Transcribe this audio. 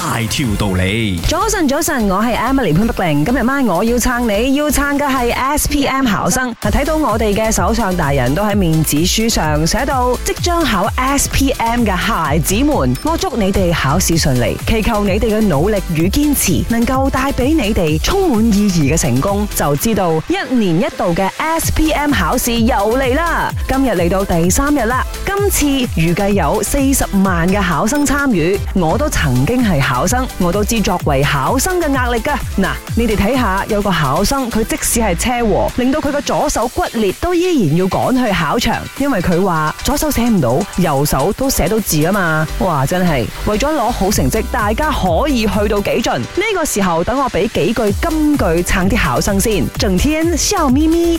大條道理，早晨早晨，我係 Emily 潘德玲。今日晚我要撐你，要撐嘅係 SPM 考生。睇到我哋嘅首相大人都喺面子書上寫到，即將考 SPM 嘅孩子們，我祝你哋考試順利，祈求你哋嘅努力與堅持能夠帶俾你哋充滿意義嘅成功。就知道一年一度嘅 SPM 考試又嚟啦，今日嚟到第三日啦，今次預計有四十萬嘅考生參與，我都曾經係。考生，我都知作為考生嘅壓力㗎。嗱，你哋睇下有個考生，佢即使係車禍，令到佢嘅左手骨裂，都依然要趕去考場，因為佢話左手寫唔到，右手都寫到字啊嘛。哇，真係為咗攞好成績，大家可以去到幾盡。呢個時候，等我俾幾句金句撐啲考生先。整天笑咪咪，